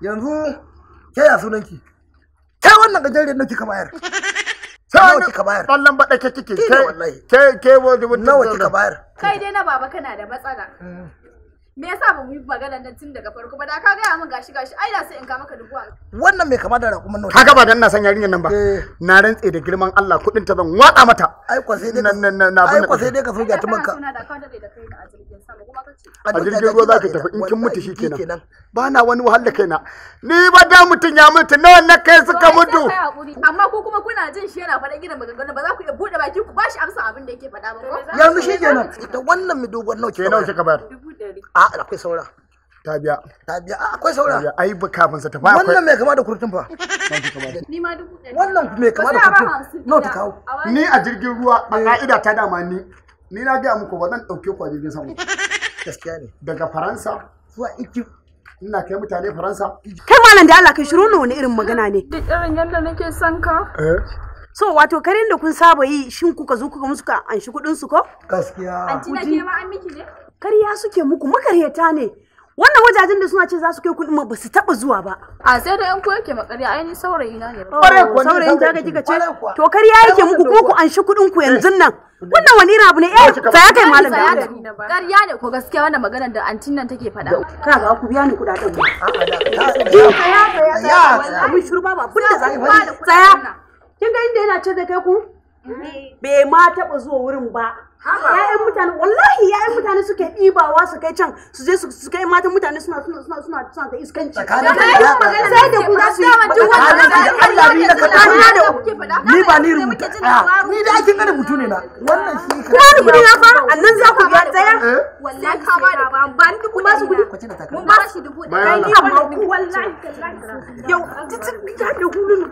yanzu ke ya sunan ki ke wannan gajeriyar nake ka bayar nawa kika bayar ballan bada kike ke ke ke nawa kika bayar kai dai na baba kana da matsala hmm. me yasa ba mu yi magana nan tun daga farko ba da ka gaya min gashi gashi ai da sai in ka maka dubuwa wannan mai kama da rakuman nan kaga ba dan na san yarinyar nan ba eh. na rantse da girman Allah kuɗin ta zan watsa mata ai kwa sai dai na na na ai kwa sai dai ka furga ta maka a jirgin ruwa za ka tafi in kin mutu shikenan ba na wani wahala kaina ni ba da mutun ya mutu nawa na kai suka mutu amma ko kuma kuna jin shi yana faɗa gidan maganganu ba za ku iya buɗe baki ku ba shi amsa abin da yake faɗa ba yanzu shikenan ita wannan mai dogon nawa kenan nawa kika bayar dai a'a akwai saura ta biya ta biya akwai saura ai kafin sa tafi akwai wannan mai kama da kurtun fa ni ma dubu wannan mai kama da kurtun no ta kawo ni a jirgin ruwa a eh. ka'ida ta dama ni ni na ga muku ba zan dauke ku a jirgin sama gaskiya ne daga faransa zuwa egypt ina kai mutane faransa kai malam da Allah kai shiru ne wani irin magana ne duk irin yadda nake son ka eh. so wato karin da kun saba yi shin kuka zo kuka musu ka anshi kudin su ko gaskiya anti ke ma an miki ne Karya suke muku makaryata ne. Wannan wajajen da suna ce za su kai kuɗi ma ba su taɓa zuwa ba. A sai da yan ku yake makarya ai ni saurayi na ne. Ƙwarai oh, kuwa saurayin ta kika ce. To karya yake muku ko ku anshi kuɗin ku yanzu nan. Eh. Wannan wani irin abu ne eh tsaya kai malam da Allah. karya ne ko gaskiya wannan maganar da antin nan take faɗa. Ka ga ku biya ni kuɗaɗen mu. ya ya ya Abin shurba ba abin da za ku Tsaya. Kin ga inda yana ce zai kai ku? bai ma taɓa zuwa wurin ba ya'yan mutane wallahi ya'yan mutane suke ɗibawa su kai can su je su kai matan mutane suna suna suna suna ta iskanci sai da ku za su yi Allah ni ka ni ba ni rubuta ni da ake gane mutu ne na rubuta na annan za ku biya tsaya eh? wallahi ka ba da ba ba ni ba su mun ba shi dubu ɗaya ni amma ku wallahi yau ta ta